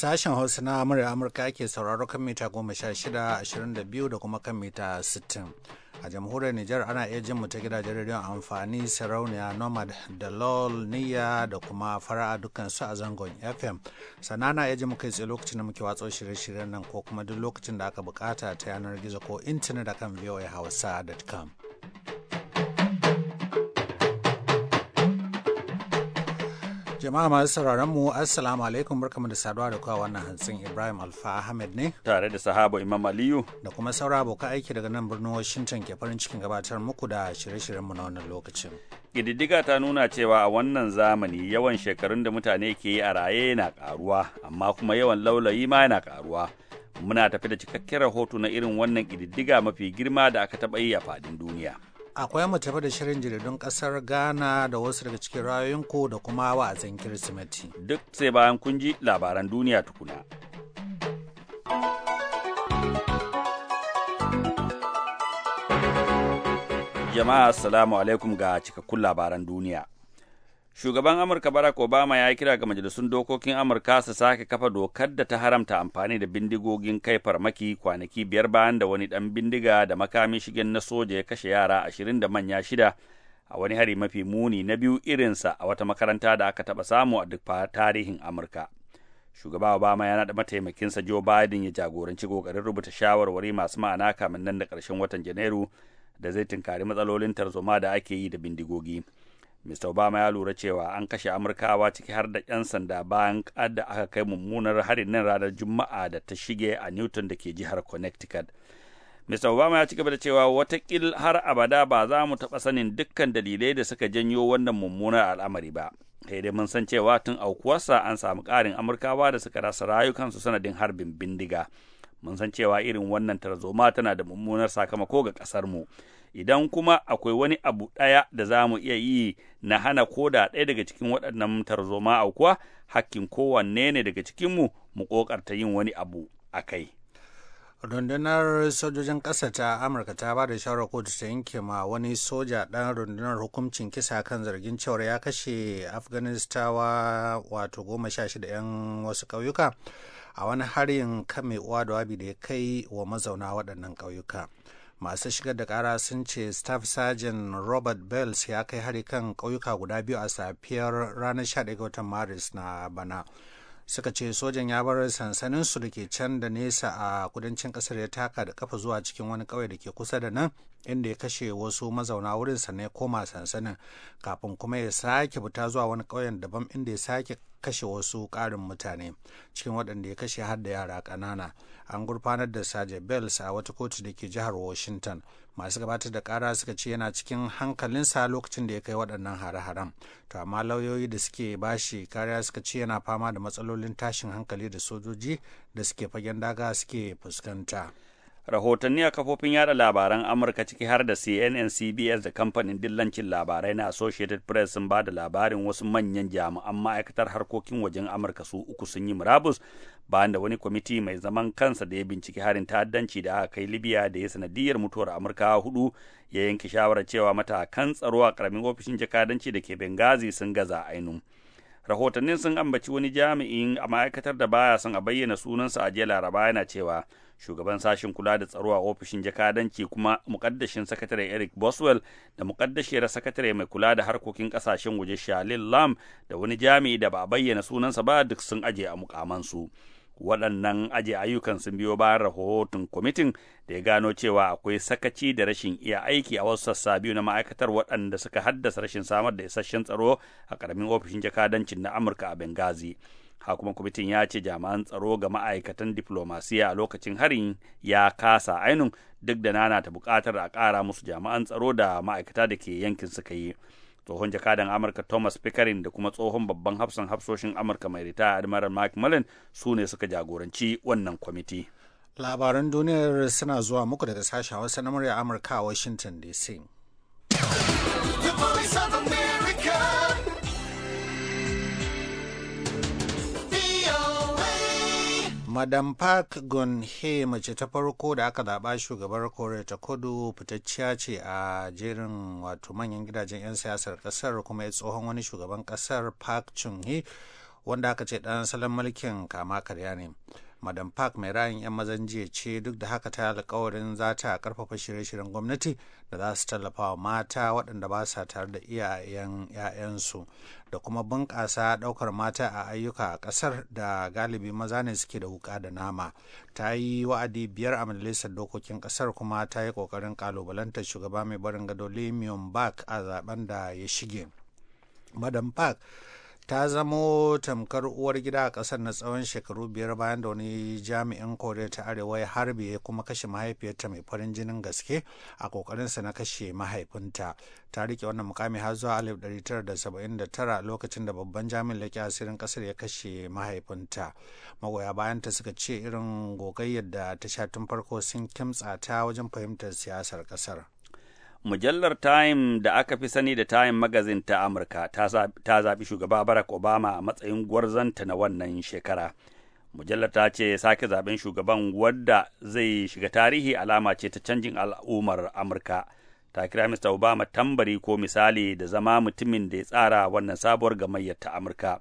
Sashen Hausa na Amurka Amurka ke sauraro kan mita goma sha shida ashirin da biyu da kuma kan mita sittin. A jamhuriyar Nijar ana iya jin mu ta gidajen rediyon amfani sarauniya Nomad da LOL Niyya da kuma fara'a dukkan su a zangon FM. Sana na iya jin kai tsaye lokacin da muke watsa shirye-shiryen nan ko kuma duk lokacin da aka bukata ta yanar gizo ko intanet akan voahausa.com. Jama'a masu sauraron mu Assalamu alaikum barkamu da saduwa da kowa wannan hantsin Ibrahim Alfa Ahmed ne. Tare da sahaba Imam Aliyu. Da kuma saura abokan aiki daga nan birnin Washington ke farin cikin gabatar muku da shirye-shiryen mu na wannan lokacin. Ƙididdiga ta nuna cewa a wannan zamani yawan shekarun da mutane ke yi a raye na ƙaruwa amma kuma yawan laulayi ma yana karuwa Muna tafi da cikakken rahoto na irin wannan ƙididdiga mafi girma da aka taɓa yi a faɗin duniya. akwai mu tafi da shirin jaridun kasar ghana da wasu daga cikin rayuwinku da kuma wa'azin kirsimeti duk sai bayan kun ji labaran duniya tukuna jama'a assalamu alaikum ga cikakkun labaran duniya shugaban amurka barack obama ya kira ga majalisun dokokin amurka su sake kafa dokar da ta haramta amfani da bindigogin kai farmaki kwanaki biyar bayan da wani dan bindiga da makamin shigen na soja ya kashe yara ashirin da manya shida a wani hari mafi muni na biyu irinsa a wata makaranta da aka taba samu a duk tarihin amurka shugaba obama ya naɗa mataimakinsa joe biden ya jagoranci kokarin rubuta shawarwari masu ma'ana kamin nan da ƙarshen watan janairu da zai tunkari matsalolin tarzoma da ake yi da bindigogi. Mr. Obama ya lura cewa an kashe Amurkawa ciki har da 'yan sanda bayan da aka kai mummunar harin nan ranar Juma'a da ta shige a Newton da ke jihar Connecticut. Mr. Obama ya ci gaba da cewa watakil har abada ba za mu taɓa sanin dukkan dalilai da suka janyo wannan mummunar al'amari ba. Sai dai mun san cewa tun aukuwarsa an samu ƙarin Amurkawa da suka rasa rayukansu sanadin harbin bindiga. Mun san cewa irin wannan tarzoma tana da mummunar sakamako ga ƙasarmu. mu. idan kuma akwai wani abu ɗaya da za mu iya yi na hana koda ɗaya daga cikin waɗannan tarzoma kuwa hakkin kowanne ne daga cikinmu mu ƙoƙarta yin wani abu a kai. rundunar sojojin ƙasa ta amurka ta ba da shawarar kotu ta yanke ma wani soja ɗan rundunar hukuncin kisa kan zargin cewar ya kashe afganistawa wato goma sha shida 'yan wasu ƙauyuka a wani harin kan mai uwa da wabi da ya kai wa mazauna waɗannan ƙauyuka. masu shigar da kara sun ce staff sergeant robert bells ya kai hari kan kauyuka guda biyu a safiyar ranar 11 watan maris na bana suka ce sojan ya bar sansanin su da ke can da nesa a kudancin kasar ya taka da kafa zuwa cikin wani kauye da ke kusa da nan inda ya kashe wasu mazauna wurin sannan ya koma sansanin kafin kuma ya sake fita zuwa wani kauyen daban inda ya sake kashe wasu karin mutane cikin waɗanda ya kashe har da yara ƙanana an gurfanar da saje bells a wata kotu da ke jihar washington masu gabatar da kara suka ce yana cikin hankalinsa lokacin da ya kai waɗannan hare-haren to amma lauyoyi da suke bashi kariya suka ce yana fama da matsalolin tashin hankali da sojoji da suke fagen daga suke fuskanta rahotanni a kafofin yada labaran amurka ciki har da cnn cbs da kamfanin dillancin labarai na associated press sun ba da labarin wasu manyan jami'an ma'aikatar harkokin wajen amurka su uku sun yi murabus bayan da wani kwamiti mai zaman kansa da ya binciki harin ta'addanci da aka kai libya da ya sanadiyar mutuwar amurka hudu ya yanke shawarar cewa matakan tsaro a karamin ofishin jakadanci da ke bengazi sun gaza ainihin rahotannin sun ambaci wani jami'in a ma'aikatar da baya son a bayyana sunansa a jiya laraba yana cewa shugaban sashen kula da tsaro a ofishin jakadanci kuma mukaddashin sakatare eric boswell da mukaddashiyar sakatare mai kula da harkokin kasashen waje shalil lam da wani jami'i da ba a bayyana sunansa ba duk sun ajiye a mukamansu waɗannan aje ayyukan sun biyo bayan rahoton kwamitin da ya gano cewa akwai sakaci da rashin iya aiki a wasu sassa biyu na ma'aikatar waɗanda suka haddasa rashin samar da isasshen tsaro a ƙaramin ofishin jakadancin na amurka a benghazi ha kuma kwamitin ya ce jami'an tsaro ga ma'aikatan diflomasiya a lokacin harin ya kasa ainun duk da nana ta buƙatar a ƙara musu jami'an tsaro da ma'aikata da ke yankin suka yi tsohon jakadan amurka thomas pickering da kuma tsohon babban hafsan hafsoshin amurka mai rita admiral mike mullen su ne suka jagoranci wannan kwamiti labaran duniyar suna zuwa muku daga sashen hausa na murya amurka a washington dc madam park gun he mace ta farko da aka zaɓa shugabar koriya ta kudu fitacciya ce a jerin wato manyan gidajen 'yan siyasar ƙasar kuma ya tsohon wani shugaban ƙasar park chung he wanda aka ce ɗan salon mulkin kama karya ne madam park mai ra'ayin 'yan mazan jiya ce duk da haka ta alkawarin za ta karfafa shirye-shiryen gwamnati da za su tallafa wa mata waɗanda ba sa tare da iyayen 'ya'yansu da kuma bunƙasa ɗaukar mata a ayyuka a ƙasar da galibi maza ne suke da wuƙa da nama ta yi wa'adi biyar a majalisar dokokin ƙasar kuma ta yi ƙoƙarin ƙalubalantar shugaba mai barin gado lemion park a zaben da ya shige madam park ta zamo tamkar uwar gida a kasar na tsawon shekaru biyar bayan da wani jami'in koriya ta arewa ya harbi ya kuma kashe mahaifiyarta mai farin jinin gaske a kokarinsa na kashe mahaifinta ta rike wannan mukami har zuwa 1979 lokacin da babban jami'in laƙi asirin kasar ya kashe mahaifinta magoya bayanta suka ce irin gogayyar da ta sha tun farko sun kimtsa ta wajen fahimtar siyasar kasar Mujallar Time da aka fi sani da Time Magazine ta Amurka ta zaɓi shugaba Barack Obama a matsayin gwarzanta na wannan shekara. Mujallar ta ce sake zaɓen shugaban wadda zai shiga tarihi alama ce ta canjin al'ummar Amurka. Ta kira Mr. Obama tambari ko misali da zama mutumin da ya tsara wannan sabuwar gamayyar ta Amurka.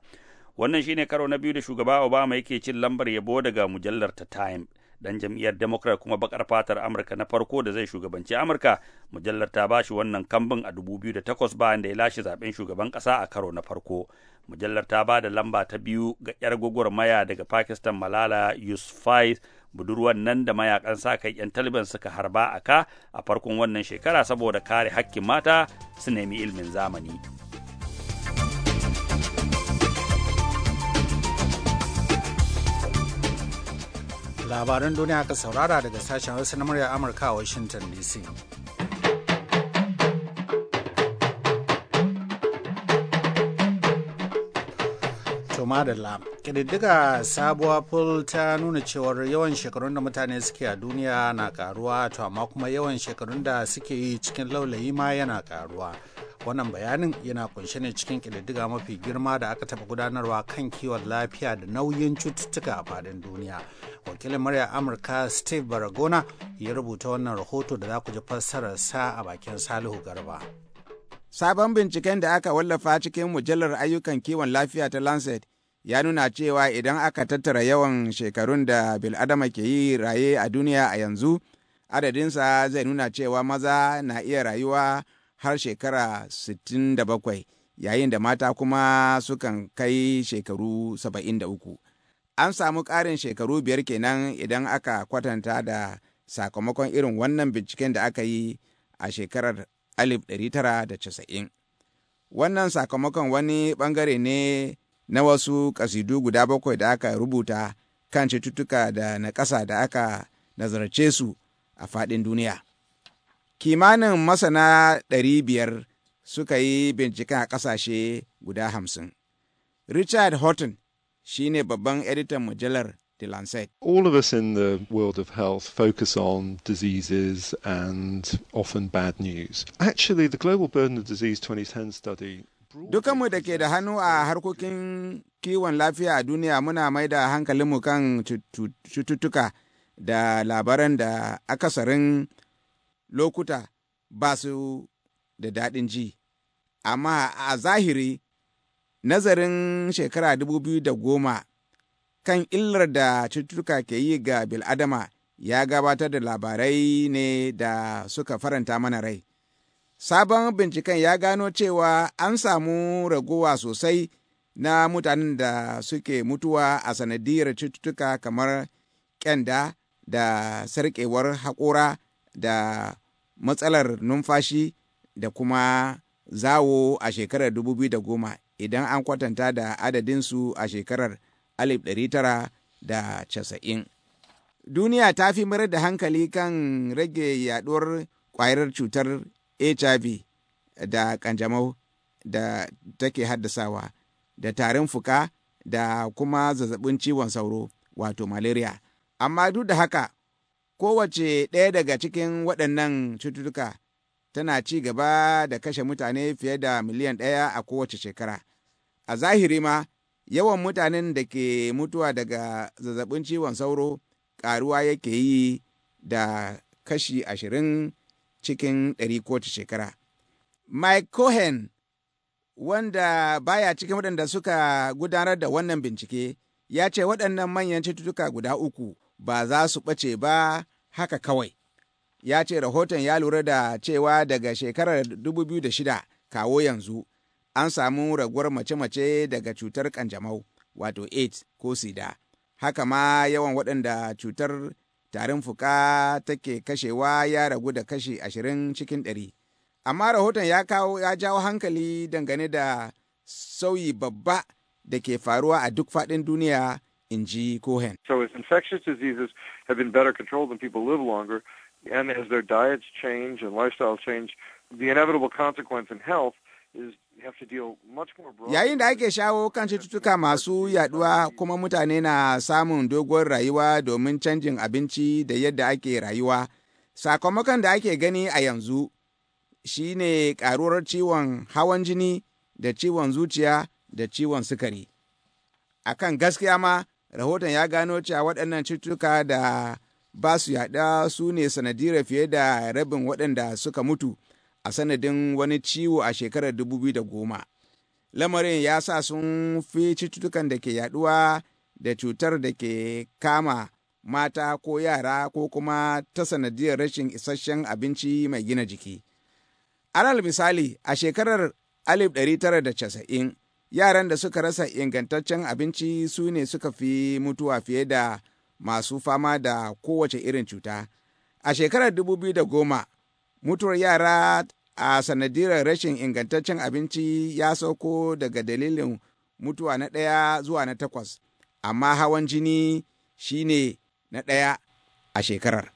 Wannan shine karo na biyu da shugaba Obama yake cin lambar yabo daga mujallar ta Time. dan jam'iyyar democrat kuma bakar fatar amurka na farko da zai shugabanci amurka mujallar ta bashi wannan kambin a 2008 bayan da ya lashe zaben shugaban kasa a karo na farko mujallar ta ba da lamba ta biyu ga yar maya daga pakistan malala yusufai budurwan nan da mayakan sa kai yan taliban suka harba a ka a farkon wannan shekara saboda kare hakkin mata su nemi ilmin zamani labaran duniya aka saurara daga sashen wasu na murya amurka a washington dc madalla ƙididdiga sabuwa pul ta nuna cewar yawan shekarun da mutane suke a duniya na karuwa to amma kuma yawan shekarun da suke yi cikin laulayi ma yana karuwa wannan bayanin yana kunshe ne cikin ƙididdiga mafi girma da aka taɓa gudanarwa kan kiwon lafiya da nauyin cututtuka a fadin duniya wakilin murya amurka steve baragona ya rubuta wannan rahoto da za ku ji fassarar sa a bakin salihu garba sabon binciken da aka wallafa cikin mujallar ayyukan kiwon lafiya ta lancet ya nuna cewa idan aka tattara yawan shekarun da bil'adama ke yi raye a duniya a yanzu adadinsa zai nuna cewa maza na iya rayuwa har shekara 67 yayin da mata kuma sukan kai shekaru 73 an samu ƙarin shekaru biyar kenan idan aka kwatanta da sakamakon irin wannan binciken da aka yi a shekarar 1990 wannan sakamakon wani bangare ne na wasu ƙasidu guda bakwai da aka rubuta kan cututtuka da na ƙasa da aka nazarce su a faɗin duniya. Kimanin masana ɗari biyar suka yi binciken a ƙasashe guda hamsin. Richard Horton shi ne babban editan mujallar The Lancet. All of us in the world of health focus on diseases and often bad news. Actually, the Global Burden of Disease 2010 study Dukanmu da ke da hannu a harkokin kiwon lafiya a duniya muna mai da hankalinmu kan cututtuka da labaran da akasarin lokuta ba su da daɗin ji. Amma a zahiri, nazarin shekara dubu biyu da goma kan illar da cututtuka ke yi ga bil'adama ya gabatar da labarai ne da suka faranta mana rai. Sabon binciken ya gano cewa an samu raguwa sosai na mutanen da suke mutuwa a sanadiyar cututtuka kamar kyanda da sarƙewar haƙora da matsalar numfashi da kuma zawo a shekarar 2010 idan an kwatanta da adadinsu a shekarar 1990. Duniya ta fi mayar da hankali kan rage yaɗuwar kwayar cutar hiv da kanjamau da take haddasawa da tarin fuka da kuma zazzabin ciwon sauro wato malaria amma duk da haka kowace ɗaya daga cikin waɗannan cututtuka tana ci gaba da kashe mutane fiye da miliyan ɗaya a kowace shekara a zahiri ma yawan mutanen da ke mutuwa daga zazzabin ciwon sauro ƙaruwa yake yi da kashi ashirin cikin ɗari ta shekara. Mike Cohen wanda baya cikin waɗanda suka gudanar da wannan bincike ya ce waɗannan manyan cututtuka guda uku ba za su ɓace ba haka kawai. Ya ce rahoton ya lura da cewa daga shekarar 2006 kawo yanzu an samu raguwar mace-mace daga cutar kanjamau wato AIDS ko sida. Haka ma yawan waɗanda cutar tarin fuka take kashewa ya ragu da kashi ashirin cikin ɗari. Amma rahoton ya kawo ya jawo hankali dangane da sauyi babba da ke faruwa a duk faɗin duniya, in ji Cohen. So as infectious diseases have been better controlled and people live longer, and as their diets change and lifestyle change, the inevitable consequence in health is Yayin da ake shawo kan cututtuka masu yaduwa kuma mutane na samun doguwar rayuwa domin canjin abinci da yadda ake rayuwa, sakamakon da ake gani a yanzu shi ne ƙaruwar ciwon hawan jini da ciwon zuciya da ciwon sukari. A kan gaskiya ma, rahoton ya gano cewa waɗannan cututtuka da ba su yaɗa su ne sanadira fiye da rabin waɗanda suka mutu. a sanadin wani ciwo a shekarar 2010 lamarin ya sa sun fi cututtukan da ke yaduwa da cutar da ke kama mata ko yara ko kuma ta sanadiyar rashin isasshen abinci mai gina jiki alal misali a shekarar 1990 yaran da suka rasa ingantaccen abinci su ne suka fi mutuwa fiye da masu fama da kowace irin cuta. A shekarar 2010, mutuwar yara a sanadirar rashin ingantaccen abinci ya sauko daga dalilin mutuwa na ɗaya zuwa na takwas amma hawan jini shine na ɗaya a shekarar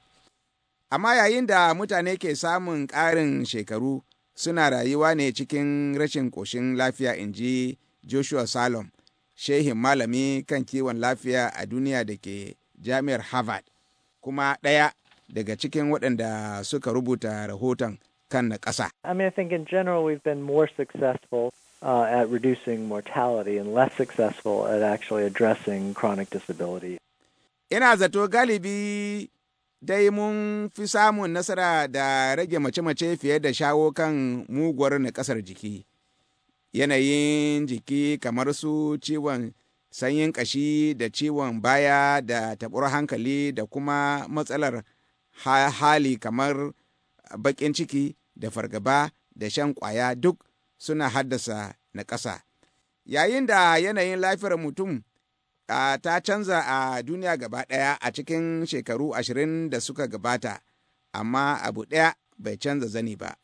amma yayin da mutane ke samun ƙarin shekaru suna rayuwa ne cikin rashin ƙoshin lafiya in ji joshua salom shehin malami kan kiwon lafiya a duniya da ke jami'ar harvard kuma ɗaya daga cikin waɗanda suka rubuta rahoton kan na ƙasa. I mean, I think in general we've been more successful uh, at reducing mortality and less successful at actually addressing chronic disability. Ina zato galibi dai mun fi samun nasara da rage mace-mace fiye da shawo kan muguwar na ƙasar jiki. Yanayin jiki kamar su ciwon sanyin ƙashi da ciwon baya da taɓar hankali da kuma matsalar hali kamar baƙin ciki da fargaba da shan ƙwaya duk suna haddasa na ƙasa. Yayin da yanayin lafiyar mutum ta canza a duniya gaba ɗaya a cikin shekaru ashirin da suka gabata, amma abu ɗaya bai canza zani ba.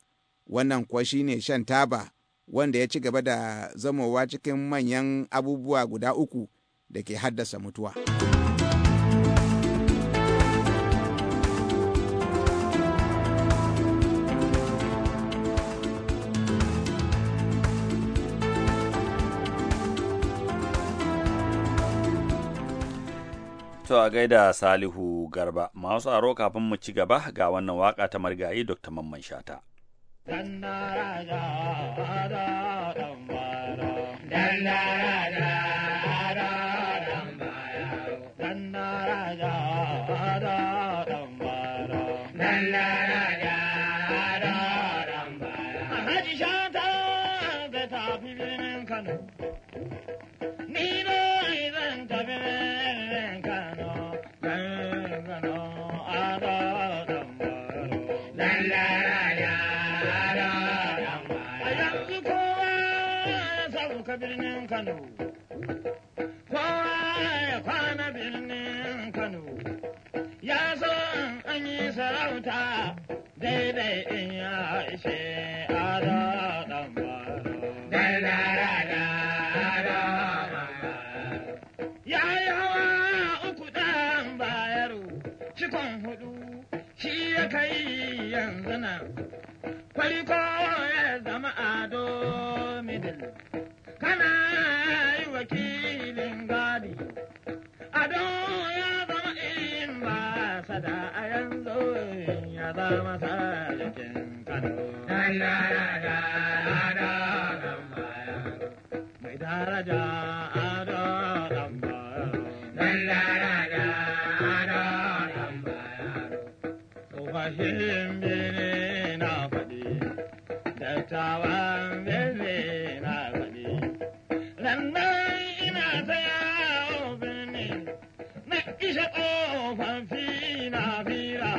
Wannan kuwa ne shan taba wanda ya ci gaba da zamowa cikin manyan abubuwa guda uku da ke haddasa mutuwa. To a gaida Salihu Garba, masu aro kafin mu ci gaba ga wannan waka ta margayi Dr. Mamman Shata. sauka birnin Kano. Kowa ya kwana birnin Kano, ya so an yi sarauta daidai in ya ishe adon. Washin bene na faɗi, dattawan bene na faɗi. Rannan ina ta yawo birni, na isha na fina fira,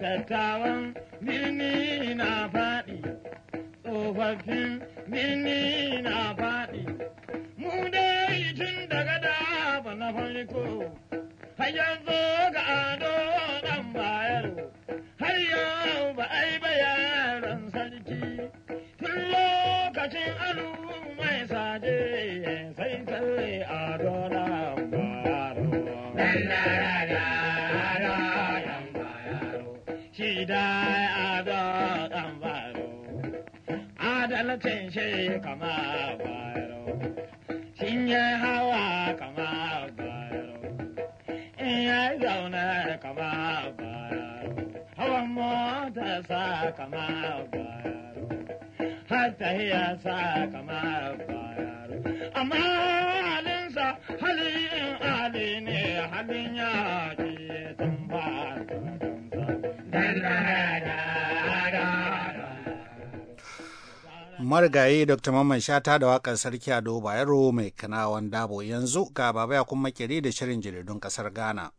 dattawan birni na faɗi, tsofaffin birni na faɗi. Mu dai tun daga da na farko, har yanzu ga kama bayaro ya hawa kama bayaro ya zauna kama bayaro mota sa sa kama bayaro amma halinsa halin ne halin ya ke tambara da marigaye dr mamman shata da wakar sarki ado bayero mai kanawan dabo yanzu ga baba ya kuma makeri da shirin jaridun kasar ghana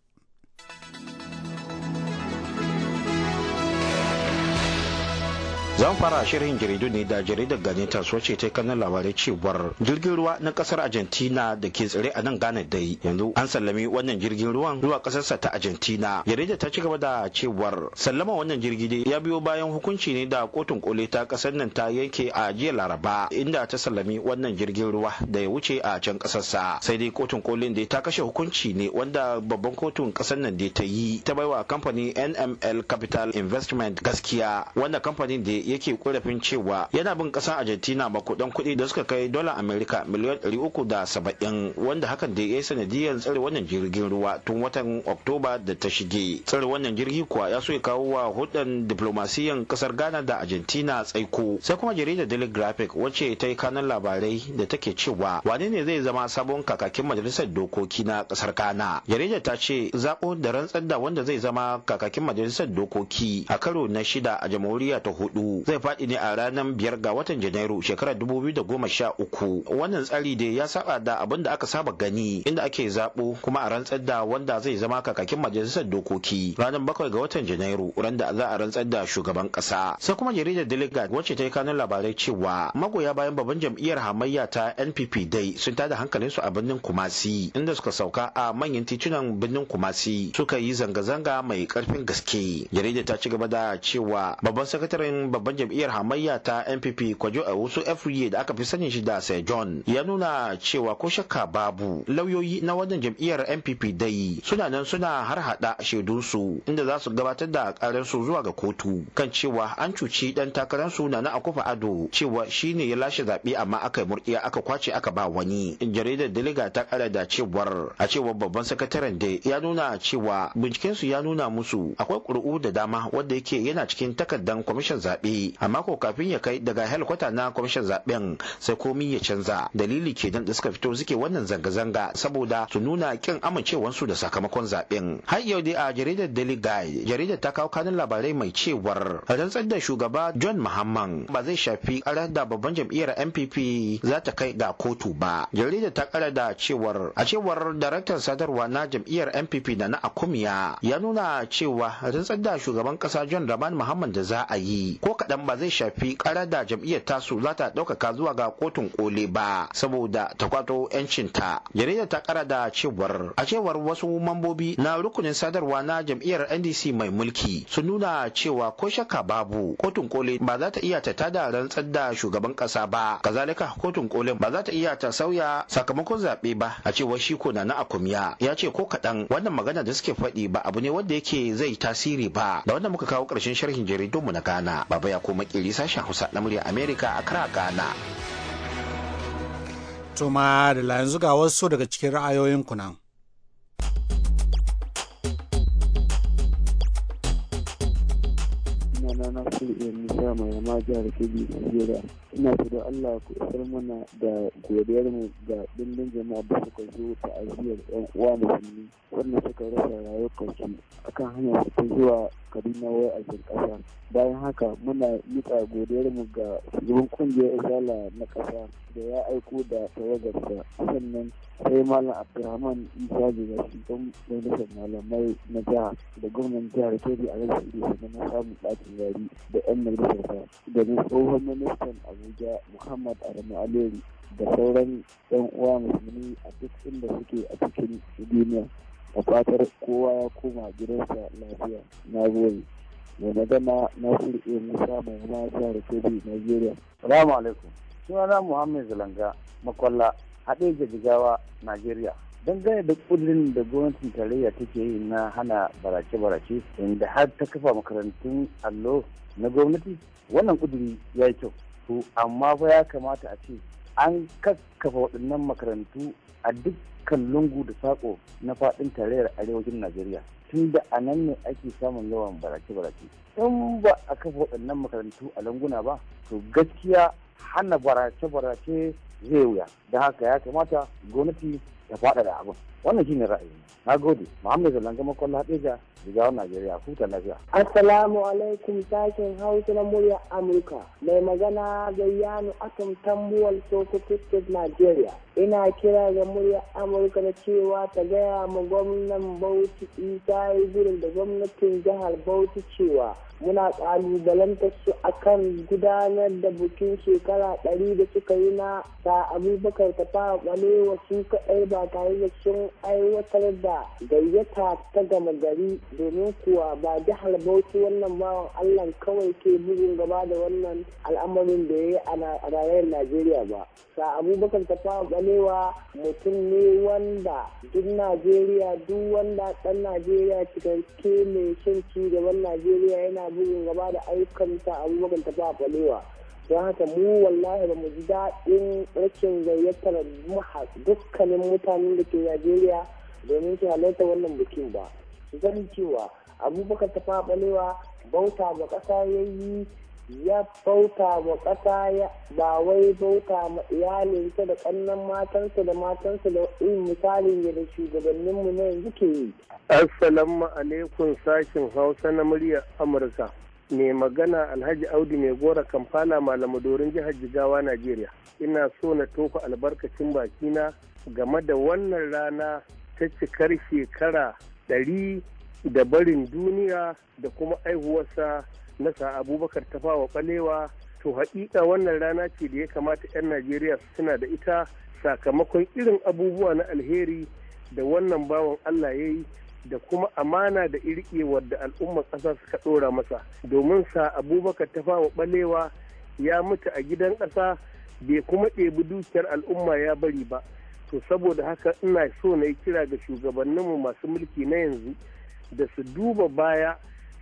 zan fara shirin jaridu ne da jaridar ta soce ta kan labarai cewar jirgin ruwa na kasar argentina da ke tsire a nan ghana dai yanzu an sallami wannan jirgin ruwan zuwa kasarsa ta argentina jaridar ta ci gaba da cewar sallama wannan jirgi dai ya biyo bayan hukunci ne da kotun kole ta kasar nan ta yanke a jiya laraba inda ta sallami wannan jirgin ruwa da ya wuce a can kasarsa sai dai kotun kolin dai ta kashe hukunci ne wanda babban kotun kasar nan dai ta yi ta baiwa kamfanin nml capital investment gaskiya wanda kamfanin da yake korafin cewa yana bin ƙasar argentina makudan kuɗi da suka kai dola amerika miliyan 370 wanda hakan da ya sanadiyar tsare wannan jirgin ruwa tun watan oktoba da ta shige tsare wannan jirgi kuwa ya so ya kawo wa hudun diplomasiyan ƙasar ghana da argentina tsaiko sai kuma jaridar daily graphic wacce ta yi kanan labarai da take cewa wane ne zai zama sabon kakakin majalisar dokoki na ƙasar ghana jaridar ta ce zaɓo da rantsar da wanda zai zama kakakin majalisar dokoki a karo na shida a jamhuriya ta hudu zai faɗi ne a ranar biyar ga watan janairu shekarar dubu biyu da goma sha uku wannan tsari dai ya saba da abin da aka saba gani inda ake zabo, kuma a rantsar da wanda zai zama kakakin majalisar dokoki ranar bakwai ga watan janairu ran da za a rantsar da shugaban ƙasa sai kuma jaridar delegate wacce ta yi kanun labarai cewa magoya bayan babban jam'iyyar hamayya ta npp dai sun tada su a birnin kumasi inda suka sauka a manyan titunan birnin kumasi suka yi zanga-zanga mai karfin gaske jaridar ta ci gaba da cewa babban sakataren babban shugaban jam'iyyar hamayya ta npp kwajo a wasu afriye da aka fi sanin shi da sir john ya nuna cewa ko shakka babu lauyoyi na wannan jam'iyyar npp dai suna nan suna har hada su inda za su gabatar da su zuwa ga kotu kan cewa an cuci dan takararsu na na akufa ado cewa shi ne ya lashe zaɓe amma aka murkiya aka kwace aka ba wani jaridar daliga ta kara da cewar a cewa babban sakataren da ya nuna cewa bincikensu ya nuna musu akwai ƙuri'u da dama wanda yake yana cikin takardan kwamishin zaɓe yi amma ko kafin ya kai daga helikwata na kwamishin zaben sai komi ya canza dalili kenan da suka fito suke wannan zanga-zanga saboda su nuna kin amincewarsu da sakamakon zaben. har yau dai a jaridar daily guide jaridar ta kawo kanin labarai mai cewar rantsar da shugaba john mahamman ba zai shafi karar da babban jam'iyyar npp za ta kai ga kotu ba jaridar ta kara da cewar a cewar daraktan sadarwa na jam'iyyar npp da na akumiya ya nuna cewa rantsar da shugaban kasa john rahman mahamman da za a yi ko kaɗan ba zai shafi kara da jam'iyyar tasu za ta ɗaukaka zuwa ga kotun koli ba saboda ta kwato 'yancinta jaridar ta kara da cewar a cewar wasu mambobi na rukunin sadarwa na jam'iyyar ndc mai mulki sun nuna cewa ko shakka babu kotun koli ba za ta iya ta tada rantsar da shugaban ƙasa ba kazalika kotun kolin ba za ta iya ta sauya sakamakon zaɓe ba a cewar shi ko na akumiya ya ce ko kaɗan wannan magana da suke faɗi ba abu ne wanda yake zai tasiri ba da wannan muka kawo ƙarshen sharhin jaridunmu na ghana baba ko makili sashen hausa na murya america a kira ghana tuma da layan zuga wasu daga cikin ra'ayoyin kunan. na na su iya nisa mai yama jihar kebbi da ina su da allah ku isar mana da godiyar mu ga dindin jama'a da suka zo ta aziyar yan uwa musulmi wannan suka rasa rayukansu akan hanyar su ta zuwa kaduna wai a cikin ƙasa bayan haka muna nika godiyar mu ga shugaban kungiyar isala na ƙasa da ya aiko da tawagarsa sannan sai malam abdulrahman isa jira shugaban majalisar malamai na jiha da gwamnan jihar kebi a rasu da na samun ɗakin yari da 'yan majalisarsa da tsohon ministan abuja muhammad adamu aleri da sauran 'yan uwa musulmi a duk inda suke a cikin duniya a fatar kowa ya koma gidansa lafiya na gode mai magana na surke musa mai na da kebe nigeria salamu alaikum sunana muhammed zalanga makwalla haɗe da jigawa nigeria dangane da kullum da gwamnatin tarayya take yi na hana barace-barace inda har ta kafa makarantun allo na gwamnati wannan kuduri ya yi kyau to amma fa ya kamata a ce an kakkafa waɗannan makarantu a dukkan lungu da saƙo na faɗin tarayyar arewacin najeriya tun da a nan ne ake samun yawan barace-barace in ba a kafa waɗannan makarantu a lunguna ba to gaskiya hana barace-barace zai wuya da haka ya kamata gwamnati ta da abin wannan shine ra'ayi na gode muhammad zalanga makwalla hadeja wani najeriya huta lafiya assalamu alaikum sakin hausa na murya amurka mai magana yanu atom tambuwal soko state nigeria ina kira ga murya amurka da cewa ta gaya ma gwamnan bauchi isa yi gurin da gwamnatin jihar bauchi cewa muna kalubalantar su akan gudanar da bukin shekara ɗari da suka yi na ta abubakar ta fara ɓalewa su kaɗai ba tare da sun aiwatar da gayyata ta gama gari domin kuwa ba jihar Bauchi wannan bawan Allah kawai ke bugun gaba da wannan al'amarin da ya yi a rayuwar Najeriya ba. Sa Abubakar ta fara Balewa mutum ne wanda duk Najeriya duk wanda dan Najeriya cikakke mai shan ci gaban Najeriya yana bugun gaba da ayyukan sa Abubakar fara Balewa. don haka mu wallahi ba mu ji daɗin rashin gayyatar dukkanin mutanen da ke najeriya domin su halarta wannan bikin ba su sani cewa abubakar ta faɓalewa bauta ga ƙasa ya yi ya bauta ga ƙasa ba wai bauta ma iyalinsa da ƙannan matansa da matansa da irin misalin da shugabanninmu na yanzu ke yi. Assalamu alaikum sashin Hausa na muryar Amurka. mai magana alhaji audu mai gora kamfana dorin jihar jigawa najeriya ina so na tofa albarkacin bakina game da wannan rana ta cikar shekara ɗari da barin duniya da kuma aihuwarsa na sa abubakar tafawa balewa to haƙiƙa wannan rana ce da ya kamata 'yan najeriya suna da ita sakamakon irin abubuwa na alheri da wannan bawan allah ya yi da kuma amana da irke wadda al'ummar ƙasa suka ɗora masa domin sa abubakar ta tafawa balewa ya mutu a gidan ƙasa bai kuma ɗebi dukiyar al'umma ya bari ba to saboda haka ina so na yi kira ga shugabanninmu masu mulki na yanzu da su duba baya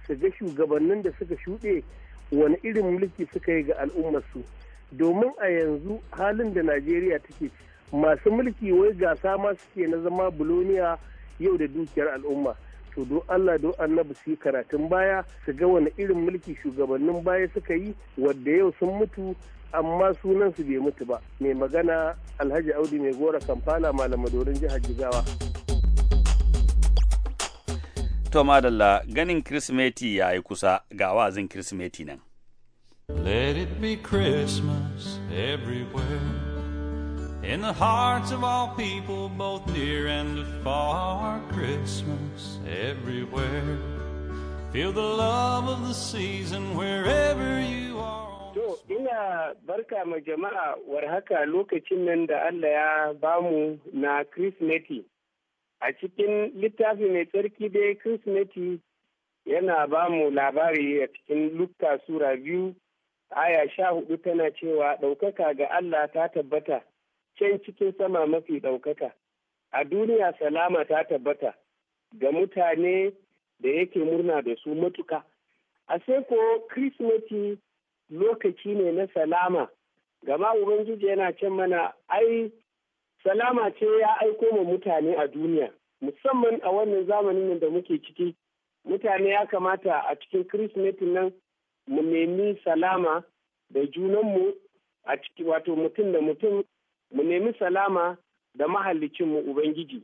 su ga shugabannin da suka shuɗe wani irin mulki suka yi ga al'ummarsu domin a yanzu halin da najeriya take masu mulki wai gasa ma suke na zama buloniya yau da dukiyar al'umma to do Allah don annabi su yi karatun baya su ga wani irin mulki shugabannin baya suka yi wadda yau sun mutu amma sunan su bai mutu ba mai magana alhaji audu mai gora malama dorin jihar jigawa to madalla ganin kirsimeti ya yi kusa ga wazan kirsimeti nan let it be christmas everywhere in the hearts of all people, both near and afar. Christmas everywhere. Feel the love of the season wherever you are. To ina barka ma jama'a war haka lokacin nan da Allah ya bamu na Kirsimeti. A cikin littafi mai tsarki dai Kirsimeti yana bamu labari a cikin Lukka Sura biyu, aya sha hudu tana cewa ɗaukaka ga Allah ta tabbata can cikin sama mafi ɗaukaka a duniya salama ta tabbata ga mutane da yake murna da su matuka a sai ko kirismeti lokaci ne na salama gama ubangiji yana can mana ai salama ce ya aiko ma mutane a duniya musamman a wannan zamanin da muke ciki mutane ya kamata a cikin kirsimeti nan mu nemi salama da junanmu a ciki wato mutum da mutum mu nemi salama da mu Ubangiji.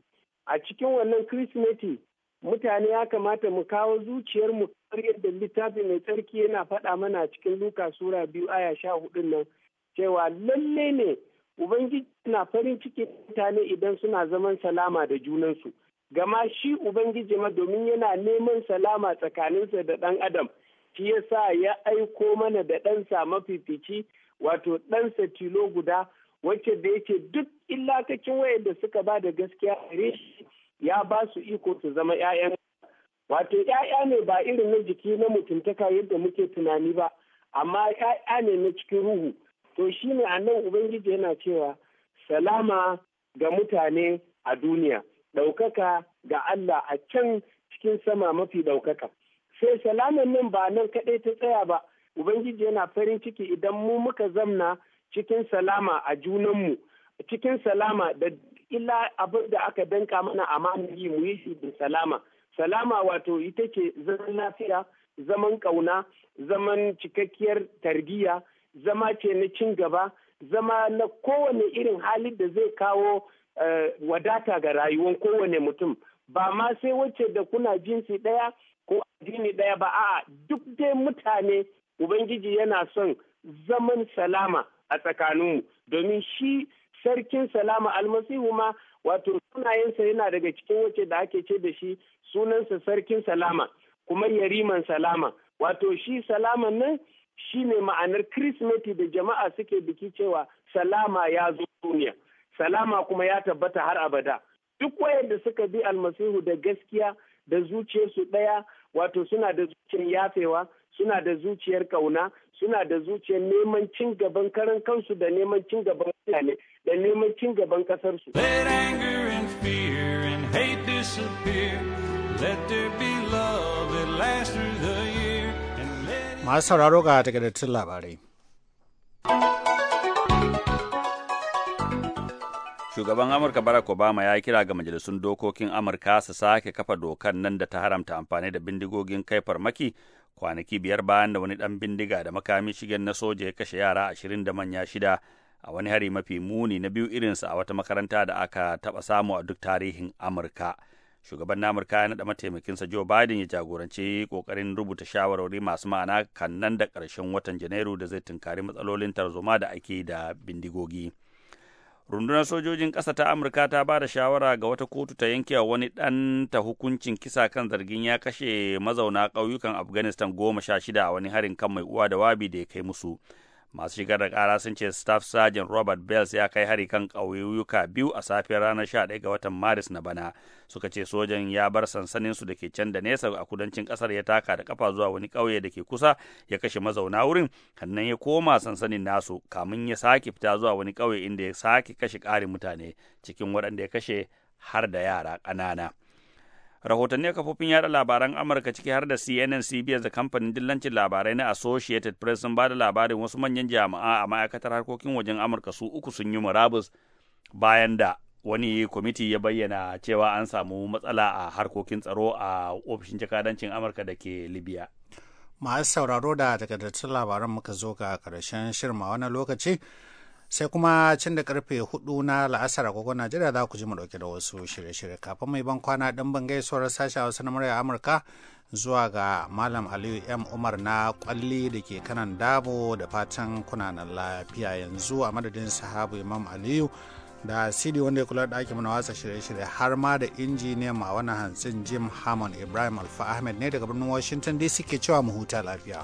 A cikin wannan Kirsimeti, mutane ya kamata mu kawo zuciyarmu kamar yadda littafi mai tsarki yana faɗa mana cikin Luka Sura biyu aya sha hudun nan cewa lalle ne Ubangiji na farin ciki mutane idan suna zaman salama da junansu. Gama shi Ubangiji ma domin yana neman salama tsakaninsa da ɗan Adam, shi ya sa ya aiko mana da ɗansa mafifici wato ɗansa tilo guda wacce da yake duk illakacin da suka ba da gaskiya gare shi ya ba su iko su zama 'ya'yan wato 'ya'ya ne ba irin na jiki na mutuntaka yadda muke tunani ba amma 'ya'ya ne na cikin ruhu to shi ne a nan ubangiji yana cewa salama ga mutane a duniya ɗaukaka ga Allah a can cikin sama mafi ɗaukaka sai salaman nan ba nan kaɗai ta tsaya ba ubangiji yana farin ciki idan mu muka zamna cikin salama a junanmu cikin salama da ila abin da aka danka mana a yi mu yi shi salama salama wato ita ce zaman lafiya zaman kauna zaman cikakkiyar tarbiyya zama ce na cin gaba zama na kowane irin halin da zai kawo eh, wadata ga rayuwar kowane mutum ba ma sai wacce da kuna jinsi ɗaya ko addini ɗaya ba a'a duk dai mutane ubangiji yana son zaman salama a tsakaninmu domin shi sarkin salama almasihu ma wato sunayensa yana daga cikin wace da ake ce da shi sunansa sarkin salama kuma yariman salama wato shi salama nan shi ne ma'anar kirismeti da jama'a suke biki cewa salama ya zo duniya salama kuma ya tabbata har abada duk wayanda suka bi almasihu da gaskiya da zuciyarsu ɗaya wato suna da zuciyar yafewa suna da zuciyar kauna suna da zuciyar neman cin gaban karan kansu da neman cin gaban mutane da neman cin gaban kasarsu. Let anger and fear and hate disappear. Let labarai. Shugaban Amurka Barack Obama ya kira ga majalisun dokokin Amurka su sake kafa dokan nan da ta haramta amfani da bindigogin kai farmaki kwanaki biyar bayan da wani ɗan bindiga da makami shigen na soja ya kashe yara ashirin da manya shida a wani hari mafi muni na biyu irinsa a wata makaranta da aka taɓa samu a duk tarihin amurka shugaban na amurka ya naɗa mataimakinsa joe biden ya jagoranci ƙoƙarin rubuta shawarwari masu ma'ana kan nan da ƙarshen watan janairu da zai tunkari matsalolin tarzoma da ake da bindigogi. rundunar sojojin ƙasa ta amurka ta ba da shawara ga wata kotu ta yanke wa wani ɗanta hukuncin kisa kan zargin ya kashe mazauna ƙauyukan afghanistan goma sha shida a wani harin kan mai uwa da wabi da ya kai musu masu shigar da kara sun ce staff sergeant robert bells ya kai hari kan ƙauyuka biyu a safiyar ranar 11 ga watan maris na bana suka ce sojan ya bar sansanin su da ke can da nesa a kudancin kasar ya taka da kafa zuwa wani ƙauye da ke kusa ya kashe mazauna wurin hannan ya koma sansanin nasu kamun ya sake fita zuwa wani ƙauye inda ya sake kashe ƙarin mutane cikin waɗanda ya kashe har da yara ƙanana rahotanni kafofin yada labaran amurka ciki har da cnn cbs da kamfanin dillancin labarai na associated press sun ba da labarin wasu manyan jami'a a ma'aikatar harkokin wajen amurka su uku sun yi murabus bayan da wani kwamiti ya bayyana cewa an samu matsala a harkokin tsaro a ofishin jakadancin amurka da ke libya masu sauraro da takardattun labaran muka zo ga karshen shirma wani lokaci sai kuma can da karfe hudu na la'asar agogon najeriya za ku ji mu dauke da wasu shirye-shirye kafin mai ban kwana dan ban gaisuwar a wasu na a amurka zuwa ga malam aliyu m umar na kwalli da ke kanan dabo da fatan kuna na lafiya yanzu a madadin sahabu imam aliyu da cd wanda ya kula da ake mana wasa shirye-shirye har ma da injiniyan ma wani hantsin jim hammond ibrahim alfa ahmed ne daga birnin washington dc ke cewa mu huta lafiya.